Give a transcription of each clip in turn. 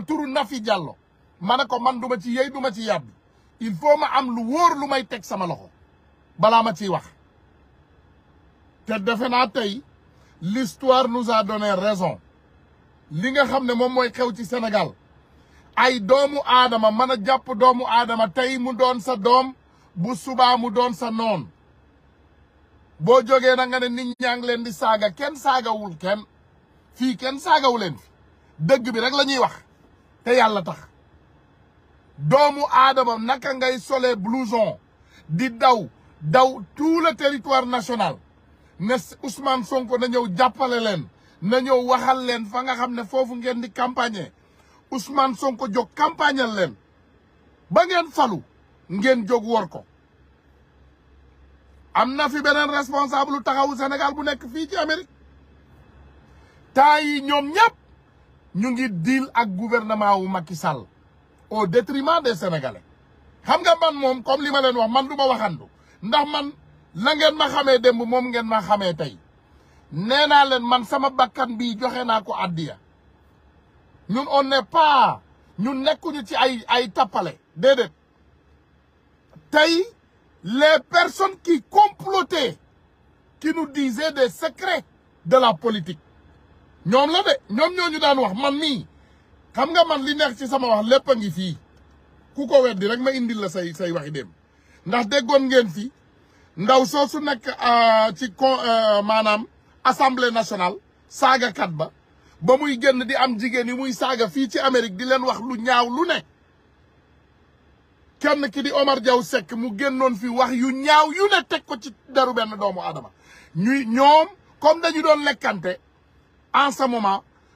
turu Nafi Diallo ma ne ko man du ci yey du ci yàbbi il faut ma am lu wóor lu may teg sama loxo balaa ma ciy wax te defe naa tey l'histoire nous a donné raison li nga xam ne moom mooy xew ci senegal ay doomu aadama mën a jàpp doomu aadama tey mu doon sa doom bu subaa mu doon sa noon boo jogee na nga ne ni ñaa leen di saaga kenn saagawul kenn fii kenn saagawuleen fi dëgg bi rek la ñuy wax te yàlla tax doomu aadama naka ngay solee blouson di daw daw tout le territoire national ne Ousmane Sonko na ñëw jàppale leen na ñëw waxal leen fa nga xam ne foofu ngeen di campagne Ousmane Sonko jog campagnal leen ba ngeen falu ngeen jog wor ko am na fi beneen responsable taxawu Sénégal bu nekk fii ci Amérique temps yi ñoom ñëpp ñu ngi diil ak gouvernement wu Macky Sall au détriment des sénégalais xam nga man moom comme li ma leen wax man du ma waxandu ndax man la ngeen ma xamee démb moom ngeen ma xamee tey nee naa leen man sama bakkan bi joxe naa ko addiya ñun on n'est pas ñu nekkuñu ci ay ay tappale déedéet tey les personnes qui complotaient qui nous disaient des secrets de la politique ñoom la de ñoom ñooñu daan wax man mii xam nga man li neex ci sama wax lépp a ngi fii ku ko weddi rek ma indil la say say waxi dem ndax déggoon ngeen fii ndaw soosu nekk euh, ci con euh, maanaam assemblée nationale saagakat ba ba muy génn di am jigéen yi muy saaga fii ci Amérique di leen wax lu ñaaw lu nekk kenn ki di Omar jaw sekk mu génnoon fii wax yu ñaaw yu ne teg ko ci deru benn doomu Adama ñuy ñoom kom dañu doon lekkante en ce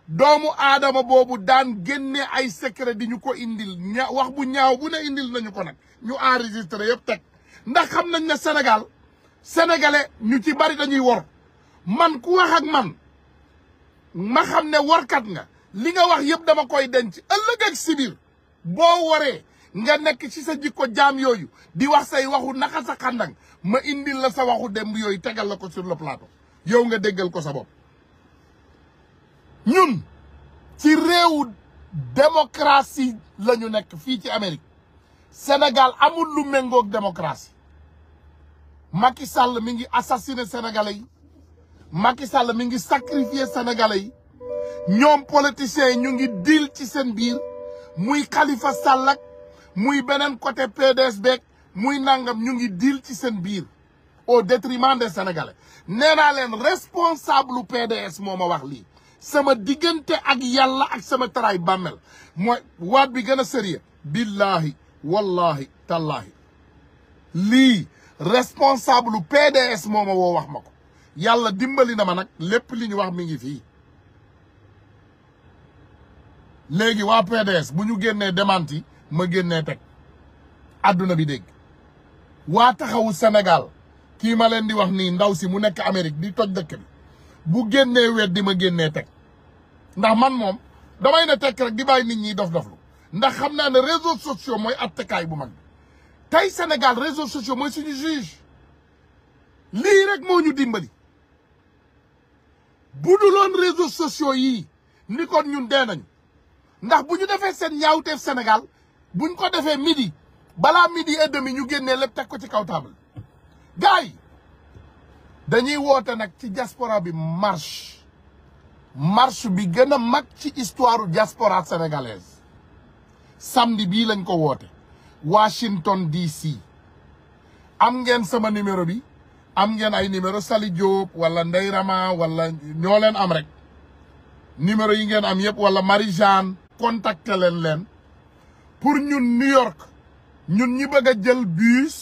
doomu aadama boobu daan génne ay secret di ñu ko indil wax bu ñaaw bu ne indil nañu ko nag ñu enregistré yëpp teg ndax xam nañ ne senegal sénégalais ñu ci bari dañuy wor man ku wax ak man ma xam ne workat nga li nga wax yëpp dama koy denc ëllëg ak sibir boo waree nga nekk ci sa jikko jaam yooyu di wax say waxu naxa sa xàndang ma indil la sa waxu demb yooyu tegal la ko sur le plateau yow nga déggal ko sa bopp ñun ci réewu démocratie la ñu nekk fii ci Amérique senegal amul lu méngoog démocratie Macky Sall mi ngi assassiné sénégalais yi Macky Sall mi ngi sacrifié sénégalais yi ñoom politiciens yi ñu ngi deal ci seen biir muy kalifa Sall muy beneen côté PDS beeg muy nangam ñu ngi diil ci seen biir au détriment des sénégalais nee naa leen responsable PDS moo ma wax lii. sama diggante ak yàlla ak sama taraay bàmmel mooy waat bi gën a sérieux billaahi wallaahi tallaahi lii responsable PDS moo ma woo wax ma ko yàlla dimbali na ma nag lépp li ñu wax mi ngi fii léegi waa PDS bu ñu génnee démenti ma génnee teg àdduna bi dégg waa taxawu Sénégal kii ma leen di wax nii ndaw si mu nekk Amérique di toj dëkk bi bu génnee weddi ma génnee teg ndax man moom damay na tekk rek di bàyyi nit ñi dof doflu ndax xam naa ne réseaux sociaux mooy attekaay bu mag bi tey Sénégal réseaux sociaux mooy suñu juge lii rek moo ñu dimbali bu du loon réseaux sociaux yii ni kon ñun dee nañu ndax bu ñu defee seen ñaawteef Sénégal buñ ko defee midi balaa midi et demi ñu génnee lépp teg ko ci kaw table gars yi dañuy woote nag ci diaspora bi marche marche bi gën a mag ci histoire jasporaa sénégalaise samedi bii lañ ko woote Washington DC am ngeen sama numéro bi am ngeen ay numéro Sali Diop wala Ndey Rama wala ñoo leen am rek numéro yi ngeen am yëpp wala Marie Jeanne contacté leen leen pour ñun New York ñun ñi bëgg a jël bus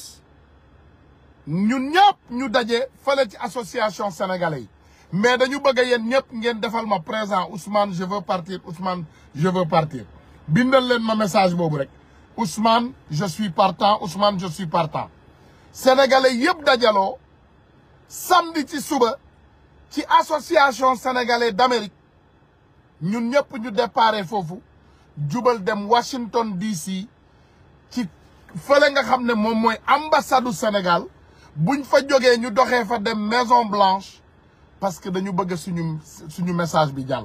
ñun ñëpp ñu daje fale ci association sénégalais yi mais dañu bëgg a yéen ñëpp ngeen defal ma présent Ousmane je veux partir Ousmane je veux partir bindal leen ma message boobu rek Ousmane je suis partant Ousmane je suis partant sénégalais yëpp dajaloo samedi ci suba ci association sénégalais d'Amérique ñun ñëpp ñu déparé foofu jubal dem Washington DC ci fële nga xam ne moom mooy ambassade Sénégal buñ fa jógee ñu doxee fa dem Maison Blanche parce que dañu bëgg suñu suñu message bi jàll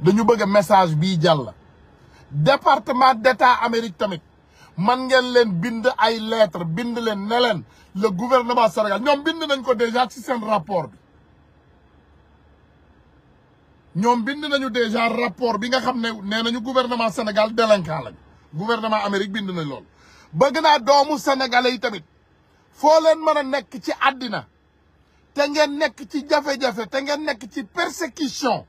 dañu bëgg message bi jàll département d'état Amérique tamit man ngeen leen bind ay lettre bind leen neleen leen le gouvernement Sénégal ñoom bind nañ ko déjà ci seen rapport bi ñoom bind nañu déjà rapport bi nga xam ne nee nañu gouvernement Sénégal délinquant lañ gouvernement Amérique bind nañ lool bëgg naa doomu sénégalais yi tamit foo leen mën a nekk ci àddina te ngeen nekk ci jafe-jafe te ngeen nekk ci persécution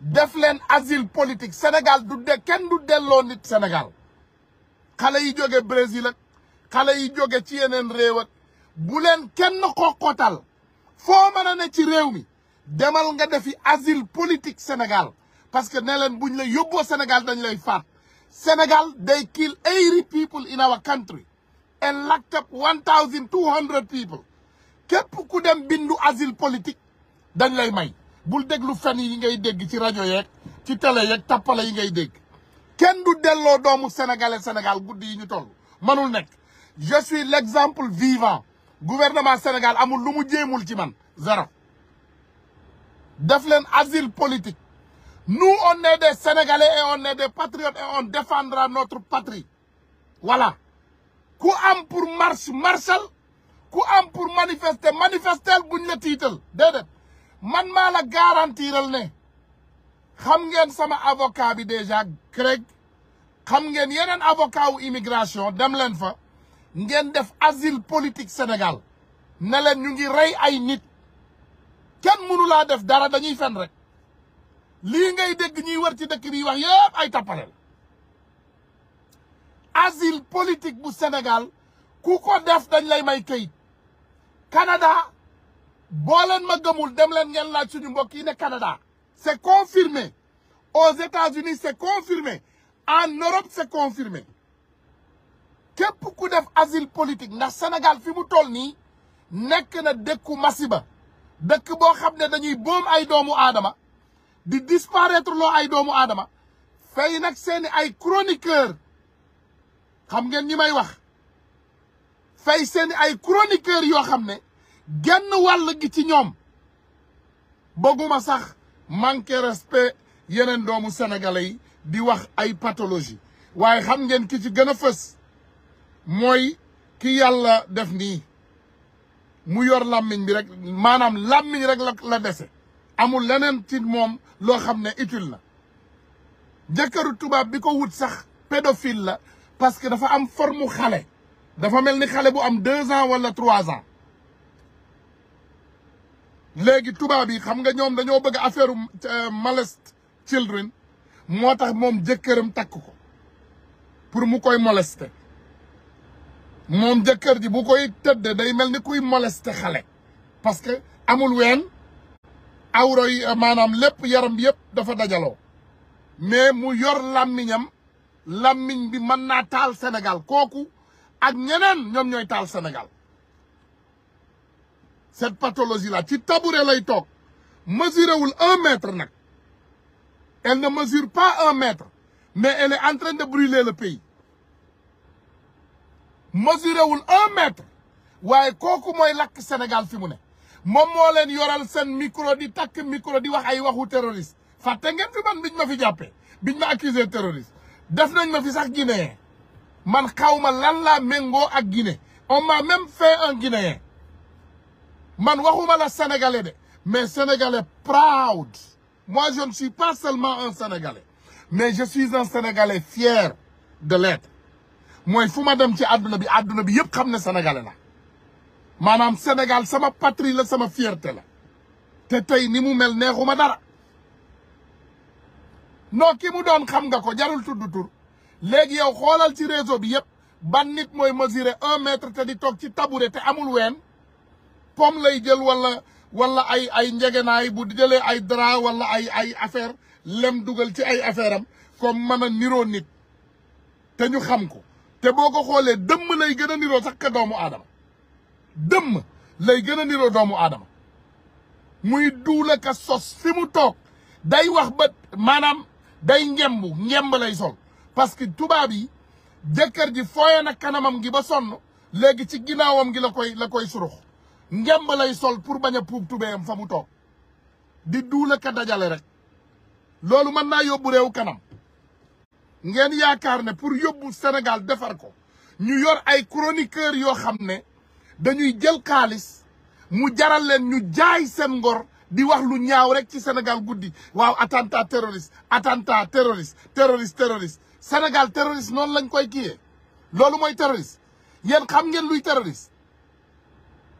def leen asile politique senegal du de kenn du delloo nit Sénégal xale yi jóge Brésil ak xale yi jóge ci yeneen réew ak bu leen kenn xoqotal foo mën a ne ci réew mi demal nga defi asile politique Sénégal parce que ne leen buñ la yóbboo Sénégal dañ lay faat senegal day kill 80 people in our country and locked up 1200 people dem bindu asile politique dañ lay may bul déglu fen yi ngay dégg ci rajo yeeg ci télé yeeg tappale yi ngay dégg kenn du delloo doomu sénégalais Sénégal guddi yi ñu toll manul nekk je suis l'exemple vivant gouvernement Sénégal amul lu mu jéemul ci man zéro def leen asile politique nous on est des sénégalais et on est des patriotes et on défendra notre patrie voilà ku am pour marche marchal ku am pour manifeste manifestel buñ la tiital déedéet man maa la garantiral ne xam ngeen sama avocat bi déjà Craig xam ngeen yeneen avocat wu immigration dem leen fa ngeen def asile politique senegal ne leen ñu ngi rey ay nit kenn mënu laa def dara dañuy fen rek lii ngay dégg ñuy wër ci dëkk bi wax yëpp ay tappale la asile bu senegal ku ko def dañ lay may këyit Canada boo leen ma gëmul dem leen ngeen laaj suñu mbokk yi ne Canada c'est confirmé aux États-Unis c'est confirmé en Europe c'est confirmé képp ku def asile politique ndax Sénégal fi mu toll nii nekk na dëkku masiba dëkk boo xam ne dañuy boom ay doomu aadama di disparaître loo ay doomu aadama fay nag seeni ay chroniqueur xam ngeen ñi may wax fay seeni ay chroniqueur yoo xam ne genn wàll gi ci ñoom bëgguma sax manquer respect yeneen doomu sénégalais yi di wax ay pathologie waaye xam ngeen ki ci gën a fës mooy ki yàlla def nii mu yor làmmiñ bi rek maanaam làmmiñ rek la la dese amul leneen ci moom loo xam ne utile la jëkkëru tubaab bi ko wut sax pédophile la parce que dafa am forme xale dafa mel ni xale bu am deux ans wala trois ans léegi tubaab yi xam nga ñoom dañoo bëgg affaire euh, molest children moo tax moom jëkkëram takk ko pour mu koy molester moom jëkkër ji bu koy tëdd day mel ni kuy moleste xale parce que amul ween awro yi euh, maanaam lépp yaram yëpp dafa dajaloo mais mu yor làmmiñam làmmiñ bi mën naa taal Sénégal kooku ak ñeneen ñoom ñooy taal Sénégal cette pathologie là ci tabouret lay toog mesuré wul un mètre nag elle ne mesure pas un mètre mais elle entre de brûler la pays mesuré wul un mètre waaye kooku mooy lakk Sénégal fi mu ne moom moo leen yoral seen micro di takk micro di wax ay waxu terroriste fàtte ngeen fi man biñ ma fi jàppee biñ ma accusé terroriste def nañ ma fi sax guinéen man xawma lan laa méngoo ak gine on m'a même fait un guinéen man waxuma la sénégalais de mais sénégalais proud mois je ne suis pas seulement un sénégalais mais je suis un sénégalais fier de l'être mooy fu ma dem ci àdduna bi àdduna bi yëpp xam ne sénégalais na maanaam Sénégal sama patrie la sama fierté la te tey ni mu mel neexuma dara non ki mu doon xam nga ko jarul tudd tur léegi yow xoolal ci réseau bi yëpp ban nit mooy mesurer un mètre te di toog ci tabouret te amul ween pomme lay jël walla wala ay ay njegenaay bu jëlee ay dra wala ay ay affaire lem dugal ci ay affaire am comme mën a niroo nit te ñu xam ko te boo ko xoolee dëmm lay gën a niroo sax ka doomu aadama dëmm lay gën a niroo doomu aadama muy duula ka sos fi mu toog day wax ba maanaam day ngemb ngemb lay sol parce que tubaab yi jëkkër ji fooye na kanamam gi ba sonn léegi ci ginnaawam gi la koy la koy surux ngemb lay sol pour bañ a puub tubéyam fa mu toog di duula ka dajale rek loolu mën naa yóbbu réew kanam ngeen yaakaar ne pour yóbbu Sénégal defar ko ñu yor ay chroniqueur yoo xam ne dañuy jël xaalis mu jaral leen ñu jaay seen ngor di wax lu ñaaw rek ci Sénégal guddi waaw attentat terroriste attentat terroriste terroriste terroriste Sénégal terroriste noonu lañ koy kiyee loolu mooy terroriste yéen xam ngeen luy terroriste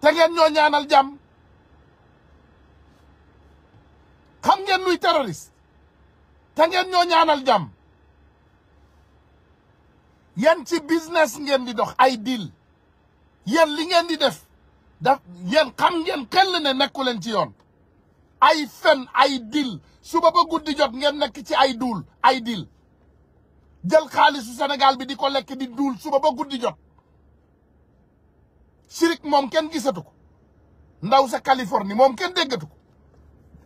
te ngeen ñoo ñaanal jàmm xam ngeen luy terroriste te ngeen ñoo ñaanal jàmm yéen ci business ngeen di dox ay deal yéen li ngeen di def daf yéen xam ngeen xel ne nekku leen ci yoon ay fen ay dil suba ba guddi jot ngeen nekk ci ay duul ay deal jël xaalisu Sénégal bi di ko lekk di duul suba ba guddi jot sirik moom kenn gisatu ko ndaw sa Californie moom kenn déggatu ko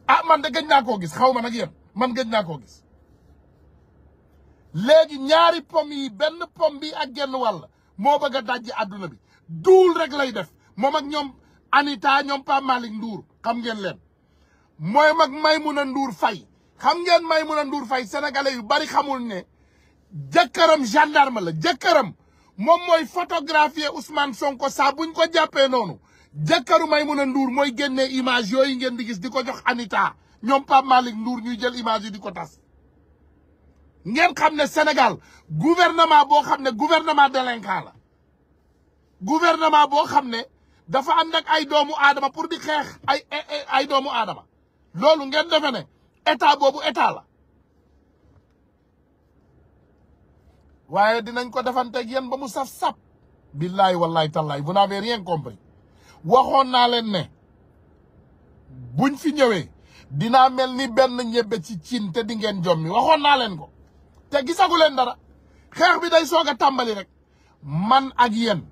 a ah, man de gëj naa koo gis xaw ma nag yéen man gëj naa koo gis léegi ñaari pom yi benn pom bi ak genn wàll moo bëgg a dajji àdduna bi duul rek lay def moom ak ñoom Anita ñoom Pa nduur xam ngeen leen mooy mag may mun a nduur fay xam ngeen a nduur fay sénégalais yu bari xamul ne jëkkëram gendarme la jëkkëram moom mooy photographier Ousmane Sonko saa buñ ko jàppee noonu jëkkëru Maimouna Ndour mooy génnee image yooyu ngeen di gis di ko jox Anita ñoom Pape Malick Ndour ñuy jël image yi di ko tas ngeen xam ne Sénégal gouvernement boo xam ne gouvernement délinquant la gouvernement boo xam ne dafa ànd ak ay doomu aadama pour di xeex ay ay doomu aadama loolu ngeen defe ne état boobu état la waaye dinañ ko defanteeg yéen ba mu saf sap billaay wallaay tallaay vous n'avez rien compris waxoon naa leen ne buñ fi ñëwee dinaa mel ni benn ñebbe ci cin te dingeen ngeen jommi waxoon naa leen ko te gisagu leen dara xeex bi day soog a tàmbali rek man ak yéen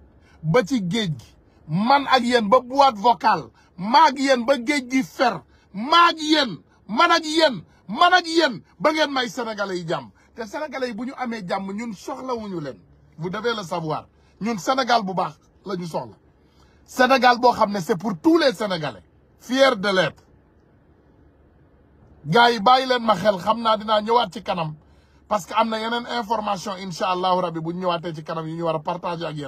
ba ci géej gi man ak yéen ba boîte vocale maa ak yéen ba géej gi fer maa ak yéen man ak yéen man ak yéen ba ngeen may sénégalais yi jàmm te sénégalais yi bu ñu amee jàmm ñun ñu leen vous devez le savoir ñun Sénégal bu baax la ñu soxla Sénégal boo xam ne c'est pour tous les sénégalais fier de l'être gars yi bàyyi leen ma xel xam naa dinaa ñëwaat ci kanam parce que am na yeneen information incha allahu rabbi bu ñu ñëwaatee ci kanam yu ñu war a partager ak yéen